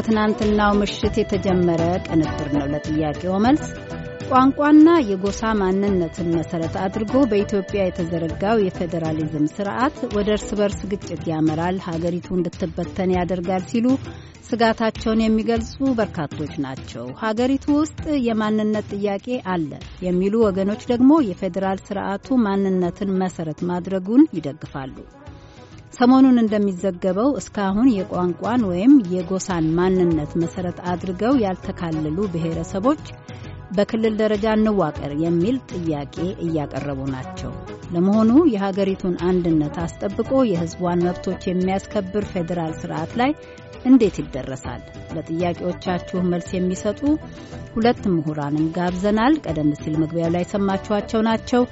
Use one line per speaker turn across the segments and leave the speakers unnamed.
በትናንትናው ምሽት የተጀመረ ቅንብር ነው። ለጥያቄው መልስ ቋንቋና የጎሳ ማንነትን መሰረት አድርጎ በኢትዮጵያ የተዘረጋው የፌዴራሊዝም ስርዓት ወደ እርስ በርስ ግጭት ያመራል፣ ሀገሪቱ እንድትበተን ያደርጋል ሲሉ ስጋታቸውን የሚገልጹ በርካቶች ናቸው። ሀገሪቱ ውስጥ የማንነት ጥያቄ አለ የሚሉ ወገኖች ደግሞ የፌዴራል ስርዓቱ ማንነትን መሰረት ማድረጉን ይደግፋሉ። ሰሞኑን እንደሚዘገበው እስካሁን የቋንቋን ወይም የጎሳን ማንነት መሰረት አድርገው ያልተካለሉ ብሔረሰቦች በክልል ደረጃ እንዋቀር የሚል ጥያቄ እያቀረቡ ናቸው። ለመሆኑ የሀገሪቱን አንድነት አስጠብቆ የሕዝቧን መብቶች የሚያስከብር ፌዴራል ስርዓት ላይ እንዴት ይደረሳል? ለጥያቄዎቻችሁ መልስ የሚሰጡ ሁለት ምሁራንን ጋብዘናል። ቀደም ሲል መግቢያው ላይ ሰማችኋቸው ናቸው።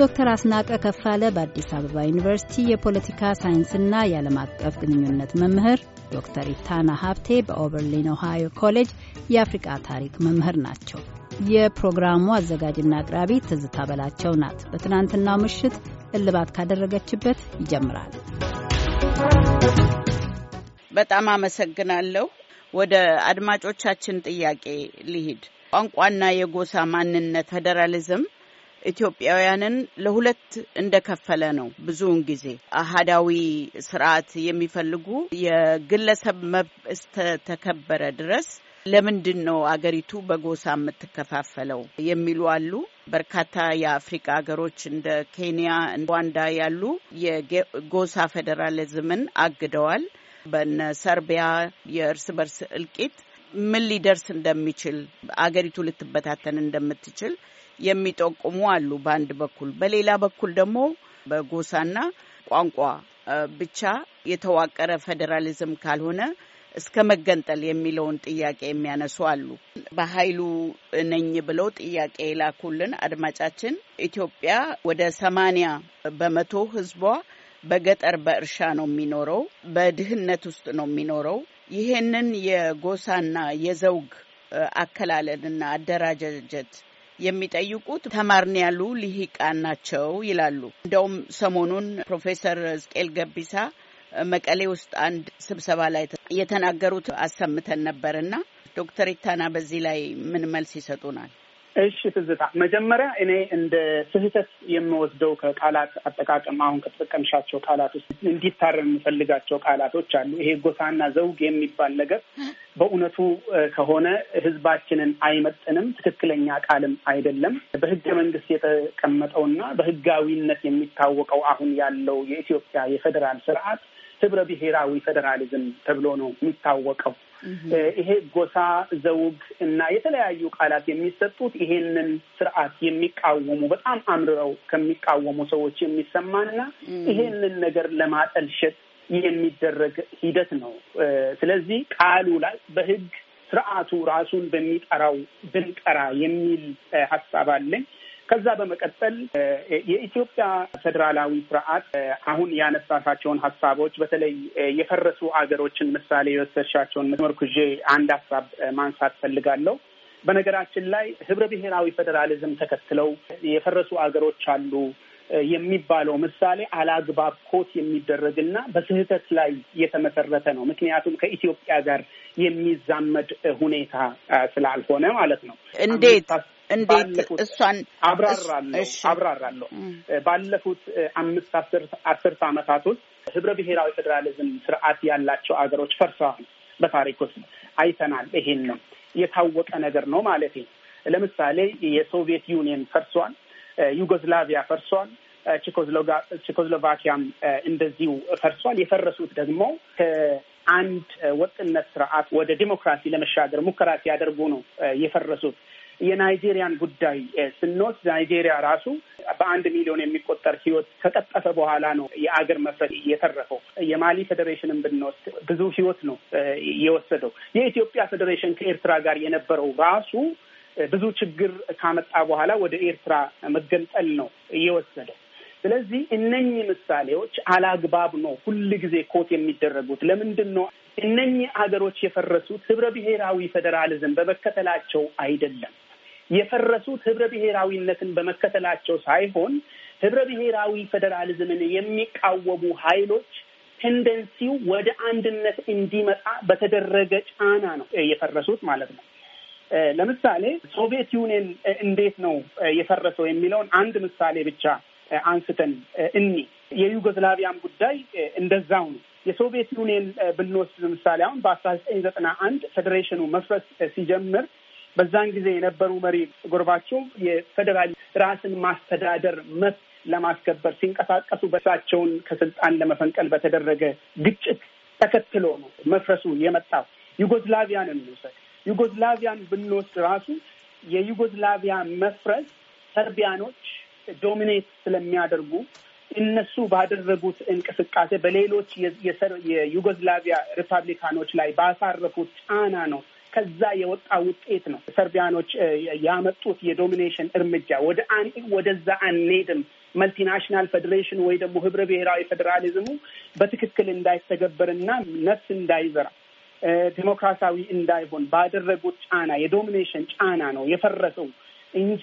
ዶክተር አስናቀ ከፋለ በአዲስ አበባ ዩኒቨርሲቲ የፖለቲካ ሳይንስና የዓለም አቀፍ ግንኙነት መምህር፣ ዶክተር ኢታና ሀብቴ በኦበርሊን ኦሃዮ ኮሌጅ የአፍሪቃ ታሪክ መምህር ናቸው። የፕሮግራሙ አዘጋጅና አቅራቢ ትዝታ በላቸው ናት። በትናንትናው ምሽት እልባት ካደረገችበት ይጀምራል።
በጣም አመሰግናለሁ። ወደ አድማጮቻችን ጥያቄ ሊሂድ ቋንቋና የጎሳ ማንነት ፌዴራሊዝም ኢትዮጵያውያንን ለሁለት እንደከፈለ ነው። ብዙውን ጊዜ አህዳዊ ስርዓት የሚፈልጉ የግለሰብ መብት እስከተከበረ ድረስ ለምንድን ነው አገሪቱ በጎሳ የምትከፋፈለው የሚሉ አሉ። በርካታ የአፍሪካ ሀገሮች እንደ ኬንያ፣ ሩዋንዳ ያሉ የጎሳ ፌዴራሊዝምን አግደዋል። በነ ሰርቢያ የእርስ በርስ እልቂት ምን ሊደርስ እንደሚችል አገሪቱ ልትበታተን እንደምትችል የሚጠቁሙ አሉ በአንድ በኩል። በሌላ በኩል ደግሞ በጎሳና ቋንቋ ብቻ የተዋቀረ ፌዴራሊዝም ካልሆነ እስከ መገንጠል የሚለውን ጥያቄ የሚያነሱ አሉ። በኃይሉ ነኝ ብለው ጥያቄ የላኩልን አድማጫችን ኢትዮጵያ ወደ ሰማንያ በመቶ ህዝቧ በገጠር በእርሻ ነው የሚኖረው፣ በድህነት ውስጥ ነው የሚኖረው። ይህንን የጎሳና የዘውግ አከላለልና አደራጃጀት የሚጠይቁት ተማርን ያሉ ልሂቃን ናቸው ይላሉ። እንደውም ሰሞኑን ፕሮፌሰር ዝቅኤል ገቢሳ መቀሌ ውስጥ አንድ ስብሰባ ላይ የተናገሩት አሰምተን ነበር እና ዶክተር ኢታና በዚህ ላይ ምን መልስ ይሰጡናል? እሺ ትዝታ፣
መጀመሪያ እኔ እንደ ስህተት የምወስደው ከቃላት አጠቃቀም አሁን ከተጠቀምሻቸው ቃላት ውስጥ እንዲታረም የምፈልጋቸው ቃላቶች አሉ። ይሄ ጎሳና ዘውግ የሚባል ነገር በእውነቱ ከሆነ ሕዝባችንን አይመጥንም፣ ትክክለኛ ቃልም አይደለም። በሕገ መንግስት የተቀመጠውና በሕጋዊነት የሚታወቀው አሁን ያለው የኢትዮጵያ የፌዴራል ስርዓት ህብረ ብሔራዊ ፌዴራሊዝም ተብሎ ነው የሚታወቀው። ይሄ ጎሳ፣ ዘውግ እና የተለያዩ ቃላት የሚሰጡት ይሄንን ስርዓት የሚቃወሙ በጣም አምርረው ከሚቃወሙ ሰዎች የሚሰማና ይሄንን ነገር ለማጠልሸት የሚደረግ ሂደት ነው። ስለዚህ ቃሉ ላይ በህግ ስርዓቱ ራሱን በሚጠራው ብንጠራ የሚል ሀሳብ አለኝ። ከዛ በመቀጠል የኢትዮጵያ ፌዴራላዊ ስርዓት አሁን ያነሳሳቸውን ሀሳቦች በተለይ የፈረሱ አገሮችን ምሳሌ የወሰሻቸውን መርኩዤ አንድ ሀሳብ ማንሳት ፈልጋለሁ። በነገራችን ላይ ህብረ ብሔራዊ ፌዴራሊዝም ተከትለው የፈረሱ አገሮች አሉ የሚባለው ምሳሌ አላግባብ ኮት የሚደረግና በስህተት ላይ የተመሰረተ ነው። ምክንያቱም ከኢትዮጵያ ጋር የሚዛመድ ሁኔታ ስላልሆነ ማለት ነው። እንዴት እንዴት እሷን አብራራለሁ አብራራለሁ። ባለፉት አምስት አስርት ዓመታት ውስጥ ህብረ ብሔራዊ ፌዴራሊዝም ስርዓት ያላቸው አገሮች ፈርሰዋል። በታሪክ ውስጥ አይተናል። ይሄን ነው የታወቀ ነገር ነው ማለት ነው። ለምሳሌ የሶቪየት ዩኒየን ፈርሷል፣ ዩጎስላቪያ ፈርሷል፣ ቼኮስሎቫኪያም እንደዚሁ ፈርሷል። የፈረሱት ደግሞ ከአንድ ወጥነት ስርዓት ወደ ዲሞክራሲ ለመሻገር ሙከራ ሲያደርጉ ነው የፈረሱት። የናይጄሪያን ጉዳይ ስንወስድ ናይጄሪያ ራሱ በአንድ ሚሊዮን የሚቆጠር ህይወት ከቀጠፈ በኋላ ነው የአገር መፍረስ የተረፈው። የማሊ ፌዴሬሽንን ብንወስድ ብዙ ህይወት ነው የወሰደው። የኢትዮጵያ ፌዴሬሽን ከኤርትራ ጋር የነበረው ራሱ ብዙ ችግር ካመጣ በኋላ ወደ ኤርትራ መገንጠል ነው የወሰደው። ስለዚህ እነኚህ ምሳሌዎች አላግባብ ነው ሁል ጊዜ ኮት የሚደረጉት። ለምንድን ነው እነኚህ ሀገሮች የፈረሱት? ህብረ ብሔራዊ ፌዴራሊዝም በመከተላቸው አይደለም። የፈረሱት ህብረ ብሔራዊነትን በመከተላቸው ሳይሆን ህብረ ብሔራዊ ፌዴራሊዝምን የሚቃወሙ ኃይሎች ቴንደንሲው ወደ አንድነት እንዲመጣ በተደረገ ጫና ነው የፈረሱት ማለት ነው። ለምሳሌ ሶቪየት ዩኒየን እንዴት ነው የፈረሰው የሚለውን አንድ ምሳሌ ብቻ አንስተን እኒ የዩጎዝላቪያም ጉዳይ እንደዛው ነው። የሶቪየት ዩኒየን ብንወስድ ምሳሌ አሁን በአስራ ዘጠኝ ዘጠና አንድ ፌዴሬሽኑ መፍረስ ሲጀምር በዛን ጊዜ የነበሩ መሪ ጎርባቸው የፌዴራል ራስን ማስተዳደር መብት ለማስከበር ሲንቀሳቀሱ በሳቸውን ከስልጣን ለመፈንቀል በተደረገ ግጭት ተከትሎ ነው መፍረሱ የመጣው። ዩጎዝላቪያንን እንውሰድ። ዩጎዝላቪያን ብንወስድ ራሱ የዩጎዝላቪያ መፍረስ ሰርቢያኖች ዶሚኔት ስለሚያደርጉ እነሱ ባደረጉት እንቅስቃሴ በሌሎች የዩጎዝላቪያ ሪፐብሊካኖች ላይ ባሳረፉት ጫና ነው ከዛ የወጣ ውጤት ነው። ሰርቢያኖች ያመጡት የዶሚኔሽን እርምጃ ወደ ወደዛ አንሄድም መልቲናሽናል ፌዴሬሽን ወይ ደግሞ ህብረ ብሔራዊ ፌዴራሊዝሙ በትክክል እንዳይተገበርና ነፍስ እንዳይዘራ ዲሞክራሲያዊ እንዳይሆን ባደረጉት ጫና የዶሚኔሽን ጫና ነው የፈረሰው እንጂ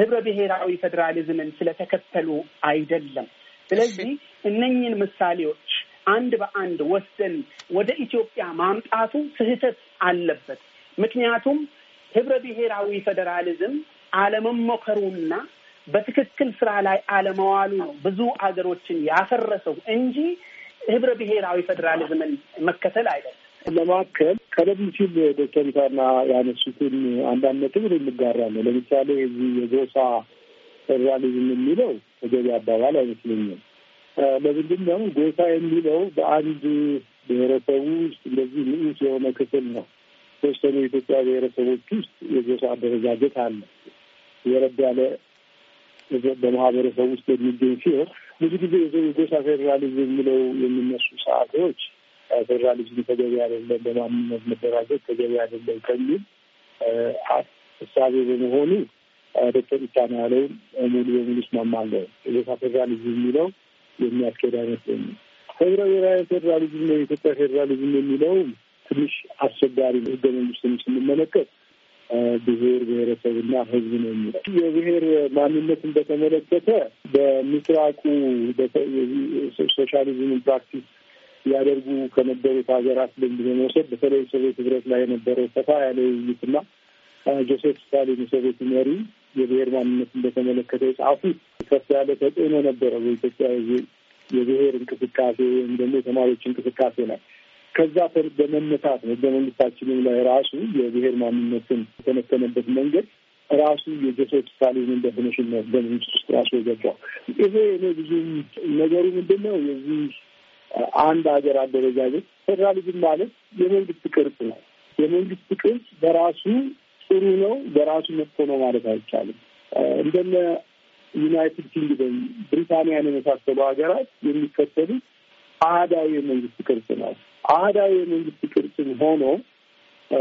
ህብረ ብሔራዊ ፌዴራሊዝምን ስለተከተሉ አይደለም። ስለዚህ እነኝን ምሳሌዎች አንድ በአንድ ወስደን ወደ ኢትዮጵያ ማምጣቱ ስህተት አለበት። ምክንያቱም ህብረ ብሔራዊ ፌዴራሊዝም አለመሞከሩና በትክክል ስራ ላይ አለመዋሉ ነው ብዙ አገሮችን ያፈረሰው እንጂ ህብረ ብሔራዊ ፌዴራሊዝምን
መከተል አይደለም። ለማከል ቀደም ሲል ዶክተር ኢታና ያነሱትን አንዳንድ ነጥብ እንጋራለን። ለምሳሌ የዚህ የጎሳ ፌዴራሊዝም የሚለው ተገቢ አባባል አይመስለኝም። ለምንድን ነው ጎሳ የሚለው በአንድ ብሔረሰቡ ውስጥ እንደዚህ ንዑስ የሆነ ክፍል ነው። ተወሰኑ የኢትዮጵያ ብሔረሰቦች ውስጥ የጎሳ አደረጃጀት አለ። የረብ ያለ በማህበረሰብ ውስጥ የሚገኝ ሲሆን ብዙ ጊዜ የጎሳ ፌዴራሊዝም የሚለው የሚነሱ ሰዓቶች ፌዴራሊዝም ተገቢ አይደለም፣ በማንነት መደራጀት ተገቢ አይደለም ከሚል እሳቤ በመሆኑ ዶክተር ኢታና ያለውን ሙሉ በሙሉ እስማማለሁ። የጎሳ ፌዴራሊዝም የሚለው የሚያስኬድ አይመስለኝ። ህብረ ብሔራዊ ፌዴራሊዝም ነው የኢትዮጵያ ፌዴራሊዝም የሚለው ትንሽ አስቸጋሪ ህገ መንግስትን ስንመለከት ብሔር ብሔረሰብና ህዝብ ነው የሚለው። የብሔር ማንነትን በተመለከተ በምስራቁ ሶሻሊዝም ፕራክቲስ ያደርጉ ከነበሩት ሀገራት ልምድ በመውሰድ በተለይ ሶቪየት ህብረት ላይ የነበረው ሰፋ ያለ ውይይትና ጆሴፍ ስታሊን ሶቪየት መሪ የብሔር ማንነትን በተመለከተ የጻፉት ከፍ ያለ ተጽዕኖ ነበረ በኢትዮጵያ የብሔር እንቅስቃሴ ወይም ደግሞ የተማሪዎች እንቅስቃሴ ላይ። ከዛ በመነሳት ነው ህገ መንግስታችንም ላይ ራሱ የብሔር ማንነትን የተነተነበት መንገድ ራሱ የጆሴፍ ስታሊንን ደፊኒሽን ነው ህገ ውስጥ ራሱ የገባው። ይሄ እኔ ብዙ ነገሩ ምንድን ነው የዚህ አንድ ሀገር አደረጃጀት ፌዴራሊዝም ማለት የመንግስት ቅርጽ ነው። የመንግስት ቅርጽ በራሱ ጥሩ ነው፣ በራሱ መጥፎ ነው ማለት አይቻልም። እንደነ ዩናይትድ ኪንግደም፣ ብሪታንያን የመሳሰሉ ሀገራት የሚከተሉት አህዳዊ የመንግስት ቅርጽ ነው። አህዳዊ የመንግስት ቅርጽም ሆኖ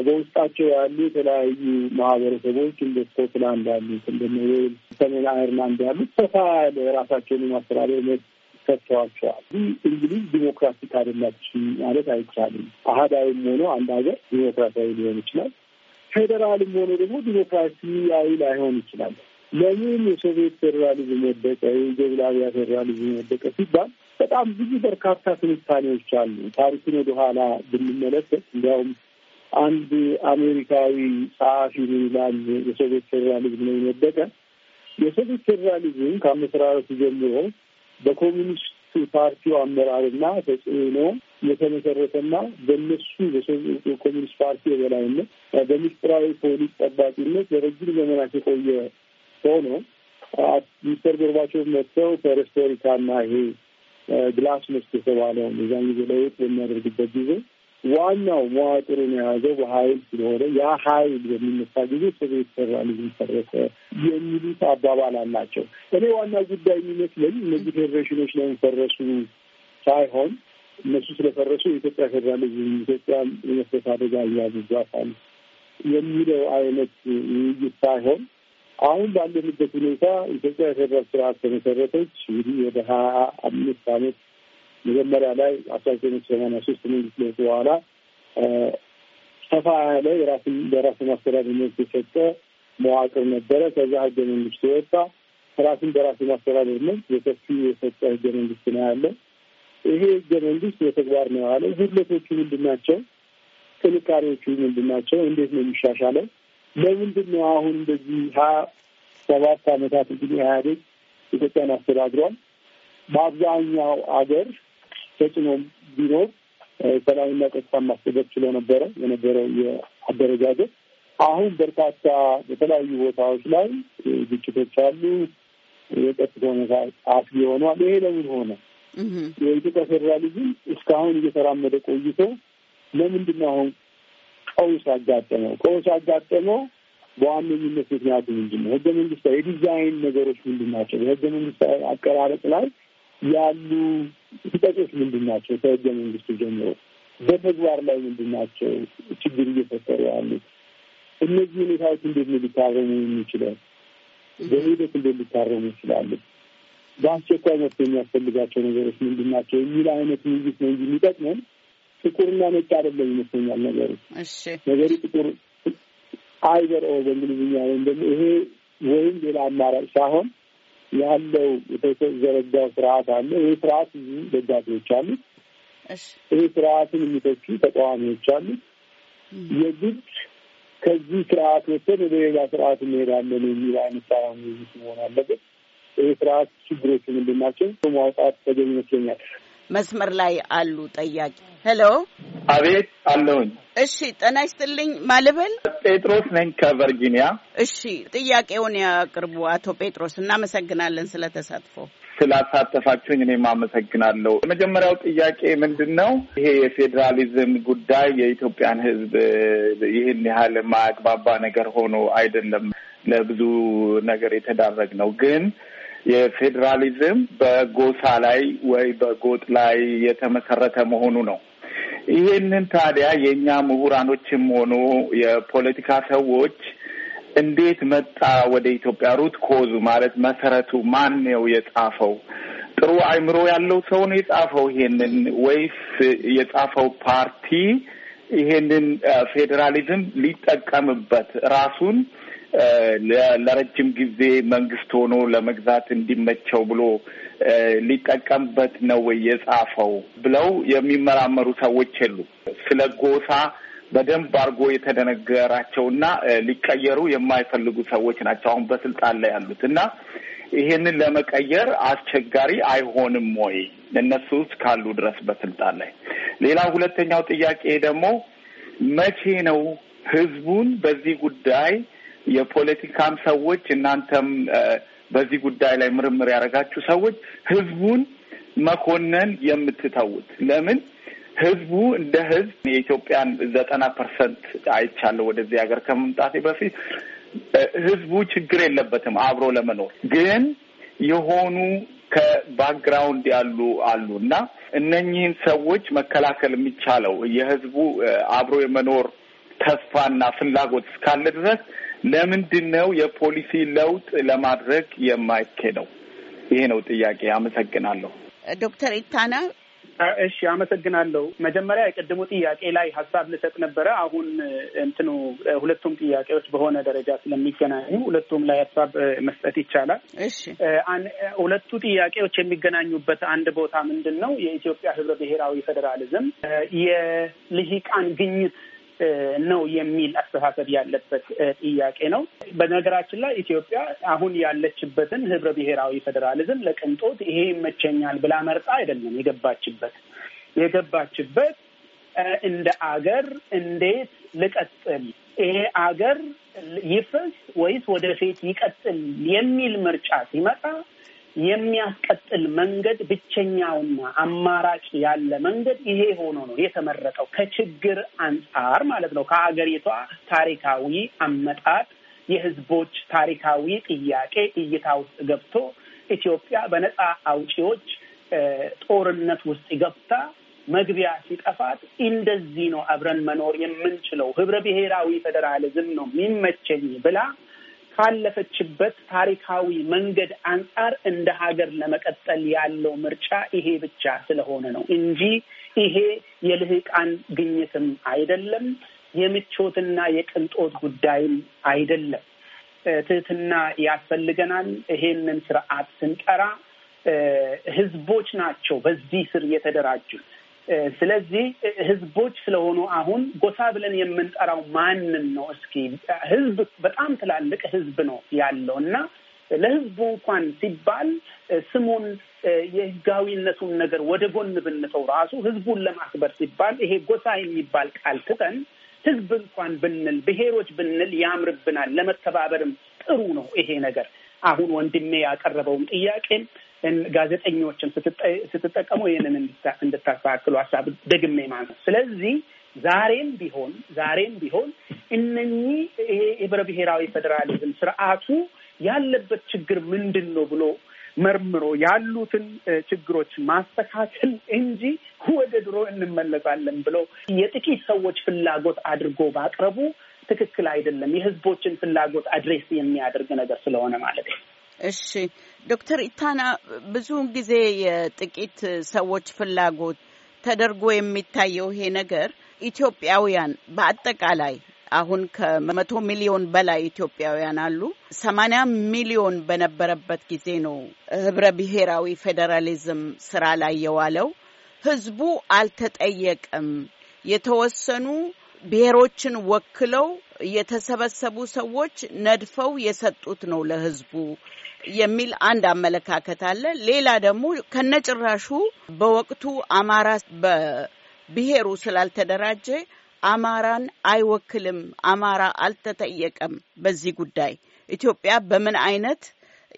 በውስጣቸው ያሉ የተለያዩ ማህበረሰቦች እንደ ስኮትላንድ ያሉት እንደ ዌልስ፣ ሰሜን አይርላንድ ያሉት ሰፋ ያለ የራሳቸውን የማስተዳደር መብት ሰጥተዋቸዋል። እንግሊዝ ዲሞክራቲክ አይደላችም ማለት አይቻልም። አህዳዊም ሆኖ አንድ ሀገር ዲሞክራሲያዊ ሊሆን ይችላል። ፌዴራልም ሆኖ ደግሞ ዲሞክራሲያዊ ላይሆን ይችላል። ለምን የሶቪየት ፌዴራሊዝም ወደቀ፣ የዩጎዝላቪያ ፌዴራሊዝም ወደቀ ሲባል በጣም ብዙ በርካታ ትንታኔዎች አሉ። ታሪኩን ወደ ኋላ ብንመለከት እንዲያውም አንድ አሜሪካዊ ጸሐፊ ምን ይላል? የሶቪየት ፌዴራሊዝም ነው የወደቀ። የሶቪየት ፌዴራሊዝም ከአመሰራረቱ ጀምሮ በኮሚኒስት ፓርቲው አመራርና ተጽዕኖ የተመሰረተና በነሱ የኮሚኒስት ፓርቲ የበላይነት በምስጢራዊ ፖሊስ ጠባቂነት ለረጅም ዘመናት የቆየ ሆኖ ሚስተር ጎርባቸው መጥተው ፔሬስቶሪካና ይሄ ግላስኖስት የተባለውን የዛን ጊዜ ለውጥ በሚያደርግበት ጊዜ ዋናው መዋቅሩን የያዘው በኃይል ስለሆነ ያ ኃይል በሚነሳ ጊዜ ሶቪየት ፌዴራሊዝም ፈረሰ የሚሉት አባባል አላቸው። እኔ ዋና ጉዳይ የሚመስለኝ እነዚህ ፌዴሬሽኖች ለምን ፈረሱ ሳይሆን እነሱ ስለፈረሱ የኢትዮጵያ ፌዴራሊዝም ኢትዮጵያ የመስረት አደጋ እያዙዛታል የሚለው አይነት ውይይት ሳይሆን አሁን ባለንበት ሁኔታ ኢትዮጵያ የፌደራል ስርዓት ተመሰረተች እንግዲህ ወደ ሀያ አምስት አመት መጀመሪያ ላይ አስራ ዘጠኝ ሰማንያ ሶስት መንግስት ለውጥ በኋላ ሰፋ ያለ የራስን በራስን ማስተዳደር መብት የሰጠ መዋቅር ነበረ። ከዛ ህገ መንግስት የወጣ ራስን በራስ ማስተዳደር መብት የሰፊ የሰጠ ህገ መንግስት ነው ያለ። ይሄ ህገ መንግስት በተግባር ነው ያለ። ጉድለቶቹ ምንድን ናቸው? ጥንካሬዎቹ ምንድን ናቸው? እንዴት ነው የሚሻሻለው? ለምንድን ነው አሁን እንደዚህ ሀያ ሰባት ዓመታት እንግዲህ ኢህአዴግ ኢትዮጵያን አስተዳድሯል። በአብዛኛው አገር ተጽዕኖ ቢኖር ሰላምና ጸጥታ ማስጠበቅ ችሎ ነበረ የነበረው የአደረጃጀት። አሁን በርካታ በተለያዩ ቦታዎች ላይ ግጭቶች አሉ። የጸጥታ ሁኔታ አስጊ ሆኗል። ይሄ ለምን ሆነ? የኢትዮጵያ ፌዴራሊዝም እስካሁን እየተራመደ ቆይቶ ለምንድን ነው አሁን ቀውስ አጋጠመው። ቀውስ አጋጠመው በዋነኝነት ምክንያቱ ምንድን ነው? ህገ መንግስታዊ የዲዛይን ነገሮች ምንድን ናቸው? የህገ መንግስታዊ አቀራረጥ ላይ ያሉ ስህተቶች ምንድን ናቸው? ከህገ መንግስቱ ጀምሮ በተግባር ላይ ምንድን ናቸው ችግር እየፈጠሩ ያሉት? እነዚህ ሁኔታዎች እንዴት ነው ሊታረሙ የሚችለው? በሂደት እንዴት ሊታረሙ ይችላሉ? በአስቸኳይ መፍትሄ የሚያስፈልጋቸው ነገሮች ምንድን ናቸው የሚል አይነት ውይይት ነው እንጂ የሚጠቅመን ጥቁርና ነጭ አይደለም ይመስለኛል ነገሩ። ነገሩ ጥቁር አይበር ኦር በእንግሊዝኛ ወይም ደግሞ ይሄ ወይም ሌላ አማራጭ ሳይሆን ያለው የተዘረጋው ስርዓት አለ። ይህ ስርዓት ደጋፊዎች አሉት። ይህ ስርዓትን የሚተቹ ተቃዋሚዎች አሉት። የግድ ከዚህ ስርዓት ወጥተን ወደ ሌላ ስርዓት እንሄዳለን የሚል አይነት ሳይሆን መሆን አለበት። ይህ ስርዓት ችግሮች ምንድን ናቸው ማውጣት ተገኝ ይመስለኛል።
መስመር ላይ አሉ ጠያቂ። ሄሎ፣
አቤት። አለሁኝ።
እሺ፣ ጤና ይስጥልኝ። ማልበል
ጴጥሮስ ነኝ ከቨርጂኒያ።
እሺ፣ ጥያቄውን ያቅርቡ አቶ ጴጥሮስ። እናመሰግናለን ስለ ተሳትፎ
ስላሳተፋችሁኝ እኔም አመሰግናለሁ። የመጀመሪያው ጥያቄ ምንድን ነው? ይሄ የፌዴራሊዝም ጉዳይ የኢትዮጵያን ሕዝብ ይህን ያህል የማያግባባ ነገር ሆኖ አይደለም። ለብዙ ነገር የተዳረግ ነው ግን የፌዴራሊዝም በጎሳ ላይ ወይ በጎጥ ላይ የተመሰረተ መሆኑ ነው። ይህንን ታዲያ የእኛ ምሁራኖችም ሆኑ የፖለቲካ ሰዎች እንዴት መጣ ወደ ኢትዮጵያ? ሩት ኮዙ ማለት መሰረቱ ማን ነው የጻፈው? ጥሩ አእምሮ ያለው ሰው ነው የጻፈው ይሄንን ወይስ የጻፈው ፓርቲ ይሄንን ፌዴራሊዝም ሊጠቀምበት ራሱን ለረጅም ጊዜ መንግስት ሆኖ ለመግዛት እንዲመቸው ብሎ ሊጠቀምበት ነው ወይ የጻፈው ብለው የሚመራመሩ ሰዎች የሉ። ስለ ጎሳ በደንብ አድርጎ የተደነገራቸውና ሊቀየሩ የማይፈልጉ ሰዎች ናቸው አሁን በስልጣን ላይ ያሉት እና ይሄንን ለመቀየር አስቸጋሪ አይሆንም ወይ እነሱ ካሉ ድረስ በስልጣን ላይ? ሌላ ሁለተኛው ጥያቄ ደግሞ መቼ ነው ህዝቡን በዚህ ጉዳይ የፖለቲካም ሰዎች እናንተም በዚህ ጉዳይ ላይ ምርምር ያደረጋችሁ ሰዎች ህዝቡን መኮነን የምትተውት ለምን? ህዝቡ እንደ ህዝብ የኢትዮጵያን ዘጠና ፐርሰንት አይቻለሁ ወደዚህ ሀገር ከመምጣቴ በፊት ህዝቡ ችግር የለበትም አብሮ ለመኖር ግን የሆኑ ከባክግራውንድ ያሉ አሉ እና እነኚህን ሰዎች መከላከል የሚቻለው የህዝቡ አብሮ የመኖር ተስፋና ፍላጎት እስካለ ድረስ ለምንድን ነው የፖሊሲ ለውጥ ለማድረግ የማይኬደው? ይሄ ነው ጥያቄ። አመሰግናለሁ
ዶክተር ኢታና። እሺ አመሰግናለሁ። መጀመሪያ የቅድሙ ጥያቄ ላይ ሀሳብ ልሰጥ ነበረ። አሁን እንትኑ ሁለቱም ጥያቄዎች በሆነ ደረጃ ስለሚገናኙ ሁለቱም ላይ ሀሳብ መስጠት ይቻላል። ሁለቱ ጥያቄዎች የሚገናኙበት አንድ ቦታ ምንድን ነው የኢትዮጵያ ህብረ ብሔራዊ ፌዴራሊዝም የልሂቃን ግኝት ነው የሚል አስተሳሰብ ያለበት ጥያቄ ነው። በነገራችን ላይ ኢትዮጵያ አሁን ያለችበትን ህብረ ብሔራዊ ፌዴራሊዝም ለቅንጦት ይሄ ይመቸኛል ብላ መርጣ አይደለም የገባችበት የገባችበት እንደ አገር እንዴት ልቀጥል፣ ይሄ አገር ይፍስ ወይስ ወደፊት ይቀጥል የሚል ምርጫ ሲመጣ የሚያስቀጥል መንገድ ብቸኛውና አማራጭ ያለ መንገድ ይሄ ሆኖ ነው የተመረጠው። ከችግር አንጻር ማለት ነው። ከሀገሪቷ ታሪካዊ አመጣጥ የህዝቦች ታሪካዊ ጥያቄ እይታ ውስጥ ገብቶ ኢትዮጵያ በነፃ አውጪዎች ጦርነት ውስጥ ገብታ መግቢያ ሲጠፋት እንደዚህ ነው አብረን መኖር የምንችለው፣ ህብረ ብሔራዊ ፌዴራሊዝም ነው የሚመቸኝ ብላ ካለፈችበት ታሪካዊ መንገድ አንጻር እንደ ሀገር ለመቀጠል ያለው ምርጫ ይሄ ብቻ ስለሆነ ነው እንጂ ይሄ የልህቃን ግኝትም አይደለም፣ የምቾትና የቅንጦት ጉዳይም አይደለም። ትህትና ያስፈልገናል። ይሄንን ስርዓት ስንጠራ ህዝቦች ናቸው በዚህ ስር የተደራጁት። ስለዚህ ህዝቦች ስለሆኑ አሁን ጎሳ ብለን የምንጠራው ማንን ነው? እስኪ ህዝብ በጣም ትላልቅ ህዝብ ነው ያለው እና ለህዝቡ እንኳን ሲባል ስሙን የህጋዊነቱን ነገር ወደ ጎን ብንተው ራሱ ህዝቡን ለማክበር ሲባል ይሄ ጎሳ የሚባል ቃል ትተን ህዝብ እንኳን ብንል ብሔሮች ብንል ያምርብናል። ለመተባበርም ጥሩ ነው ይሄ ነገር። አሁን ወንድሜ ያቀረበውን ጥያቄም ጋዜጠኞችን ስትጠቀሙ ይህንን እንድታስተካክሉ ሀሳብ ደግሜ ማለት ነው። ስለዚህ ዛሬም ቢሆን ዛሬም ቢሆን እነኚህ የህብረ ብሔራዊ ፌዴራሊዝም ስርዓቱ ያለበት ችግር ምንድን ነው ብሎ መርምሮ ያሉትን ችግሮች ማስተካከል እንጂ ወደ ድሮ እንመለሳለን ብሎ የጥቂት ሰዎች ፍላጎት አድርጎ ባቅረቡ ትክክል አይደለም። የህዝቦችን ፍላጎት አድሬስ የሚያደርግ ነገር ስለሆነ ማለት ነው።
እሺ ዶክተር ኢታና ብዙውን ጊዜ የጥቂት ሰዎች ፍላጎት ተደርጎ የሚታየው ይሄ ነገር ኢትዮጵያውያን በአጠቃላይ አሁን ከመቶ ሚሊዮን በላይ ኢትዮጵያውያን አሉ። ሰማንያ ሚሊዮን በነበረበት ጊዜ ነው ህብረ ብሔራዊ ፌዴራሊዝም ስራ ላይ የዋለው። ህዝቡ አልተጠየቀም። የተወሰኑ ብሔሮችን ወክለው የተሰበሰቡ ሰዎች ነድፈው የሰጡት ነው ለህዝቡ የሚል አንድ አመለካከት አለ። ሌላ ደግሞ ከነጭራሹ በወቅቱ አማራ በብሔሩ ስላልተደራጀ አማራን አይወክልም፣ አማራ አልተጠየቀም በዚህ ጉዳይ ኢትዮጵያ በምን አይነት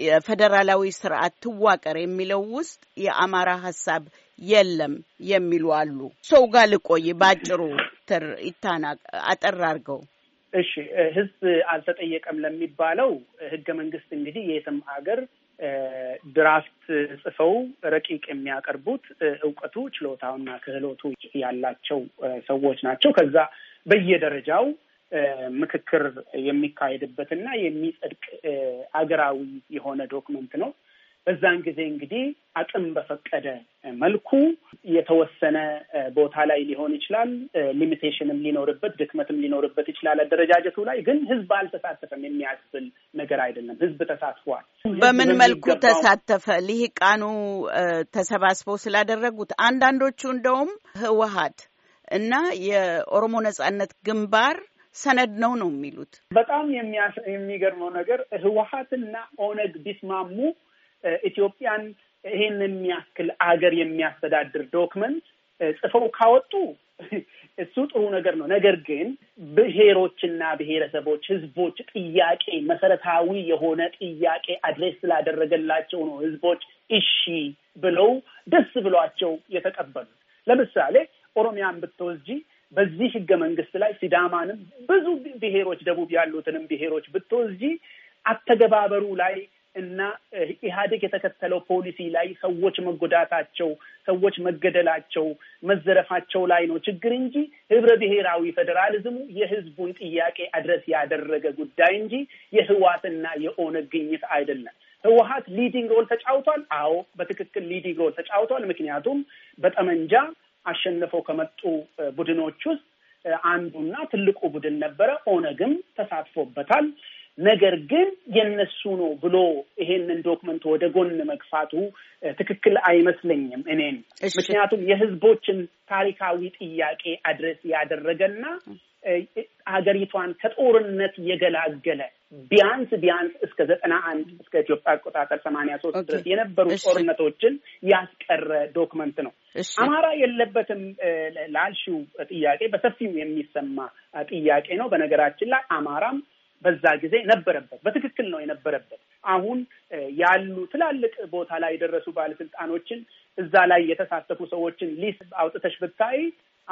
የፌዴራላዊ ስርዓት ትዋቀር የሚለው ውስጥ የአማራ ሀሳብ የለም የሚሉ አሉ። ሰው ጋር ልቆይ በአጭሩ ይታና አጠር አድርገው እሺ ህዝብ
አልተጠየቀም ለሚባለው ህገ መንግስት እንግዲህ የትም ሀገር ድራፍት ጽፈው ረቂቅ የሚያቀርቡት እውቀቱ ችሎታውና ክህሎቱ ያላቸው ሰዎች ናቸው። ከዛ በየደረጃው ምክክር የሚካሄድበትና የሚጸድቅ አገራዊ የሆነ ዶክመንት ነው። በዛን ጊዜ እንግዲህ አቅም በፈቀደ መልኩ የተወሰነ ቦታ ላይ ሊሆን ይችላል። ሊሚቴሽንም ሊኖርበት ድክመትም ሊኖርበት ይችላል። አደረጃጀቱ ላይ ግን ህዝብ አልተሳተፈም የሚያስብል ነገር አይደለም። ህዝብ ተሳትፏል።
በምን መልኩ ተሳተፈ? ሊህቃኑ ተሰባስበው ስላደረጉት አንዳንዶቹ እንደውም ህወሀት እና የኦሮሞ ነጻነት ግንባር ሰነድ ነው ነው የሚሉት። በጣም
የሚገርመው ነገር ህወሀትና ኦነግ ቢስማሙ ኢትዮጵያን ይሄን የሚያክል አገር የሚያስተዳድር ዶክመንት ጽፈው ካወጡ እሱ ጥሩ ነገር ነው። ነገር ግን ብሔሮችና ብሔረሰቦች፣ ህዝቦች ጥያቄ መሰረታዊ የሆነ ጥያቄ አድሬስ ስላደረገላቸው ነው ህዝቦች እሺ ብለው ደስ ብሏቸው የተቀበሉት። ለምሳሌ ኦሮሚያን ብትወስጂ በዚህ ህገ መንግስት ላይ ሲዳማንም ብዙ ብሔሮች፣ ደቡብ ያሉትንም ብሔሮች ብትወስጂ አተገባበሩ ላይ እና ኢህአዴግ የተከተለው ፖሊሲ ላይ ሰዎች መጎዳታቸው፣ ሰዎች መገደላቸው፣ መዘረፋቸው ላይ ነው ችግር እንጂ ህብረ ብሔራዊ ፌዴራሊዝሙ የህዝቡን ጥያቄ አድረስ ያደረገ ጉዳይ እንጂ የህዋትና የኦነግ ግኝት አይደለም። ህወሀት ሊዲንግ ሮል ተጫውቷል። አዎ በትክክል ሊዲንግ ሮል ተጫውቷል። ምክንያቱም በጠመንጃ አሸንፈው ከመጡ ቡድኖች ውስጥ አንዱና ትልቁ ቡድን ነበረ። ኦነግም ተሳትፎበታል። ነገር ግን የነሱ ነው ብሎ ይሄንን ዶክመንት ወደ ጎን መግፋቱ ትክክል አይመስለኝም እኔን። ምክንያቱም የህዝቦችን ታሪካዊ ጥያቄ አድረስ ያደረገና ሀገሪቷን ከጦርነት የገላገለ ቢያንስ ቢያንስ እስከ ዘጠና አንድ እስከ ኢትዮጵያ አቆጣጠር ሰማንያ ሶስት ድረስ የነበሩ ጦርነቶችን ያስቀረ ዶክመንት ነው። አማራ የለበትም ላልሽው ጥያቄ በሰፊው የሚሰማ ጥያቄ ነው። በነገራችን ላይ አማራም በዛ ጊዜ ነበረበት። በትክክል ነው የነበረበት። አሁን ያሉ ትላልቅ ቦታ ላይ የደረሱ ባለስልጣኖችን እዛ ላይ የተሳተፉ ሰዎችን ሊስት አውጥተሽ ብታይ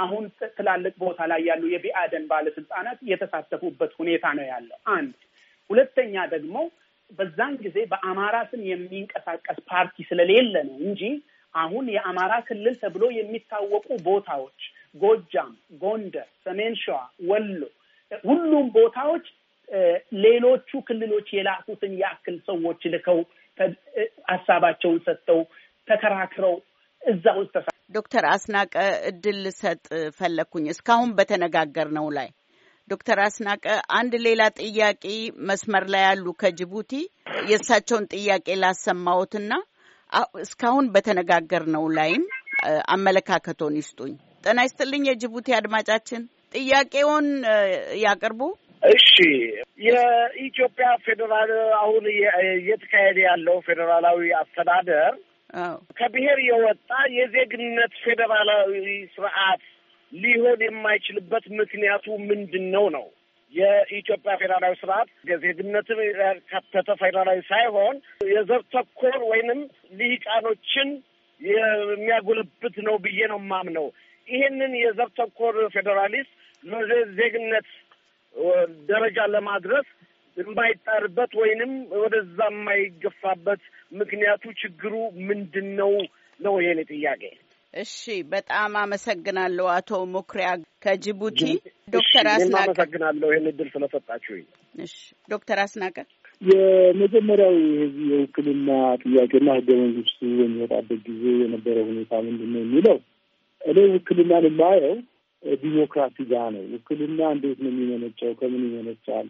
አሁን ትላልቅ ቦታ ላይ ያሉ የቢአደን ባለስልጣናት የተሳተፉበት ሁኔታ ነው ያለው። አንድ ሁለተኛ ደግሞ በዛን ጊዜ በአማራ ስም የሚንቀሳቀስ ፓርቲ ስለሌለ ነው እንጂ አሁን የአማራ ክልል ተብሎ የሚታወቁ ቦታዎች ጎጃም፣ ጎንደር፣ ሰሜን ሸዋ፣ ወሎ ሁሉም ቦታዎች ሌሎቹ ክልሎች የላኩትን ያክል ሰዎች ልከው ሀሳባቸውን ሰጥተው
ተከራክረው እዛ ውስጥ ተሳ ዶክተር አስናቀ እድል ልሰጥ ፈለግኩኝ እስካሁን ነው ላይ ዶክተር አስናቀ አንድ ሌላ ጥያቄ መስመር ላይ ያሉ ከጅቡቲ የእሳቸውን ጥያቄ ላሰማዎትና እስካሁን ነው ላይም አመለካከቶን ይስጡኝ። ጤና ይስጥልኝ የጅቡቲ አድማጫችን ጥያቄውን ያቅርቡ። እሺ የኢትዮጵያ ፌዴራል አሁን እየተካሄደ ያለው ፌዴራላዊ አስተዳደር
ከብሔር የወጣ የዜግነት ፌዴራላዊ ስርዓት ሊሆን የማይችልበት ምክንያቱ ምንድን ነው ነው የኢትዮጵያ ፌዴራላዊ ስርዓት ዜግነትን ያካተተ ፌዴራላዊ ሳይሆን የዘር ተኮር ወይንም ልሂቃኖችን የሚያጎለብት ነው ብዬ ነው የማምነው። ይህንን የዘር ተኮር ፌዴራሊስት ዜግነት ደረጃ ለማድረስ የማይጣርበት ወይንም ወደዛ የማይገፋበት ምክንያቱ ችግሩ ምንድን
ነው ነው የኔ ጥያቄ። እሺ፣ በጣም አመሰግናለሁ አቶ ሞክሪያ ከጅቡቲ።
ዶክተር አስናቀ
አመሰግናለሁ ይህን እድል ስለሰጣችሁ። እሺ፣ ዶክተር አስናቀ
የመጀመሪያው የዚህ የውክልና ጥያቄና ህገ መንግስቱ በሚወጣበት ጊዜ የነበረ ሁኔታ ምንድን ነው የሚለው እኔ ውክልናን የማየው ዲሞክራሲ ጋር ነው። ውክልና እንዴት ነው የሚመነጨው? ከምን ይመነጫል?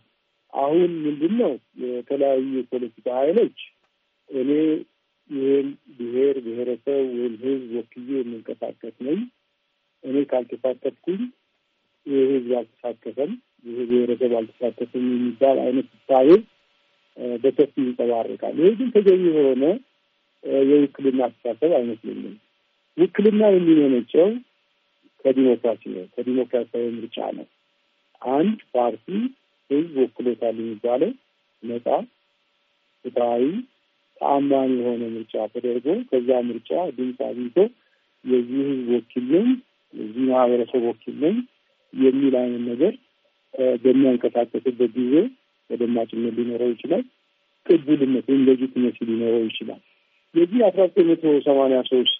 አሁን ምንድን ነው የተለያዩ የፖለቲካ ኃይሎች እኔ ይህን ብሔር ብሔረሰብ ወይም ህዝብ ወክዬ የምንቀሳቀስ ነኝ፣ እኔ ካልተሳተፍኩኝ ይህ ህዝብ አልተሳተፈም፣ ይህ ብሔረሰብ አልተሳተፈም የሚባል አይነት ስታዬ በሰፊ ይንጸባረቃል። ይህ ግን ተገቢ የሆነ የውክልና አስተሳሰብ አይመስለኝም። ውክልና የሚመነጨው ከዲሞክራሲ ነው፣ ከዲሞክራሲያዊ ምርጫ ነው። አንድ ፓርቲ ህዝብ ወክሎታል የሚባለው ነጻ፣ ፍትሐዊ፣ ተአማኒ የሆነ ምርጫ ተደርጎ ከዛ ምርጫ ድምፅ አግኝቶ የዚህ ህዝብ ወኪልኝ የዚህ ማህበረሰብ ወኪልኝ የሚል አይነት ነገር በሚያንቀሳቀስበት ጊዜ ተደማጭነት ሊኖረው ይችላል። ቅቡልነት ወይም ለጅትነት ሊኖረው ይችላል። የዚህ አስራ ዘጠኝ መቶ ሰማኒያ ሶስት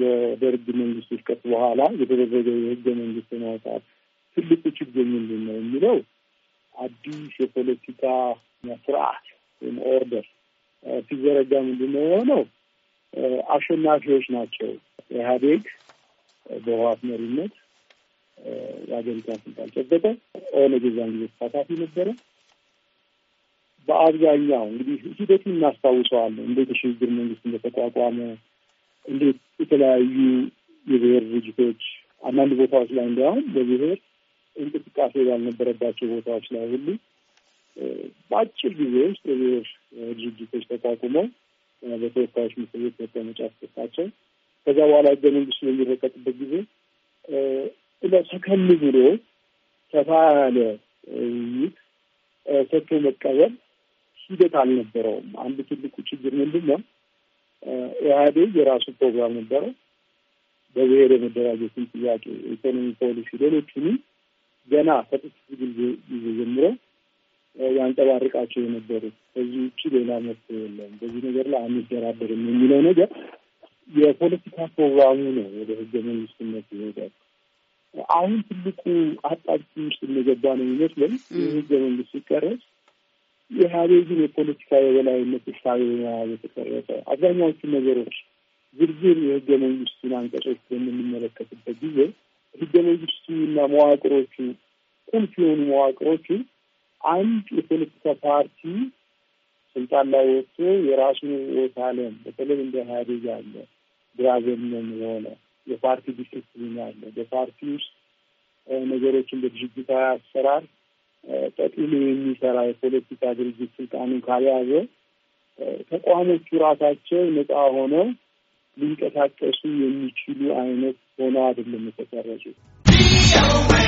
የደርግ መንግስት ውድቀት በኋላ የተደረገ የህገ መንግስት ማውጣት ትልቁ ችግር ምንድን ነው የሚለው አዲስ የፖለቲካ ስርዓት ወይም ኦርደር ሲዘረጋ ምንድን ነው የሆነው? አሸናፊዎች ናቸው። ኢህአዴግ በህወሓት መሪነት የሀገሪቷን ስልጣን ጨበጠ። ኦነግ የዛን ጊዜ ተሳታፊ ነበረ። በአብዛኛው እንግዲህ ሂደቱ እናስታውሰዋለን። እንዴት የሽግግር መንግስት እንደተቋቋመ፣ እንዴት የተለያዩ የብሔር ድርጅቶች አንዳንድ ቦታዎች ላይ እንዲያውም በብሔር እንቅስቃሴ ባልነበረባቸው ቦታዎች ላይ ሁሉ በአጭር ጊዜ ውስጥ የብሔር ድርጅቶች ተቋቁመው በተወካዮች ምክር ቤት መቀመጫ ተሰጣቸው። ከዛ በኋላ ህገ መንግስቱ በሚረቀጥበት ጊዜ ሰከም ብሎ ሰፋ ያለ ውይይት ሰጥቶ መቀበል ሂደት አልነበረውም። አንድ ትልቁ ችግር ምንድን ነው? ኢህአዴግ የራሱ ፕሮግራም ነበረው። በብሔር የመደራጀትን ጥያቄ፣ ኢኮኖሚ ፖሊሲ፣ ሌሎችን ገና ከጥቂት ጊዜ ጀምሮ ያንጸባርቃቸው የነበሩት በዚህ ውጭ ሌላ መፍትሄ የለም፣ በዚህ ነገር ላይ አንደራደርም የሚለው ነገር የፖለቲካ ፕሮግራሙ ነው ወደ ህገ መንግስትነት ይሄዳል። አሁን ትልቁ አጣብቂኝ ውስጥ እንገባ ነው የሚመስለኝ። የህገ መንግስት ሲቀረጽ የሀቤዝን የፖለቲካ የበላይነት እሳቤ መያዝ የተቀረጸ አብዛኛዎቹ ነገሮች ዝርዝር የህገ መንግስቱን አንቀጾች በምንመለከትበት ጊዜ ህገ መንግስቱ እና መዋቅሮቹ ቁልፍ የሆኑ መዋቅሮቹ አንድ የፖለቲካ ፓርቲ ስልጣን ላይ ወጥቶ የራሱን ወት አለም በተለይ እንደ ኢህአዴግ ያለ ድራዘመን የሆነ የፓርቲ ዲስፕሊን ያለ በፓርቲ ውስጥ ነገሮችን በድርጅታዊ አሰራር ጠቅልሎ የሚሰራ የፖለቲካ ድርጅት ስልጣኑን ካልያዘ ተቋሞቹ ራሳቸው ነጻ ሆነው ሊንቀሳቀሱ የሚችሉ አይነት ሆነው አይደለም የተቀረጹ።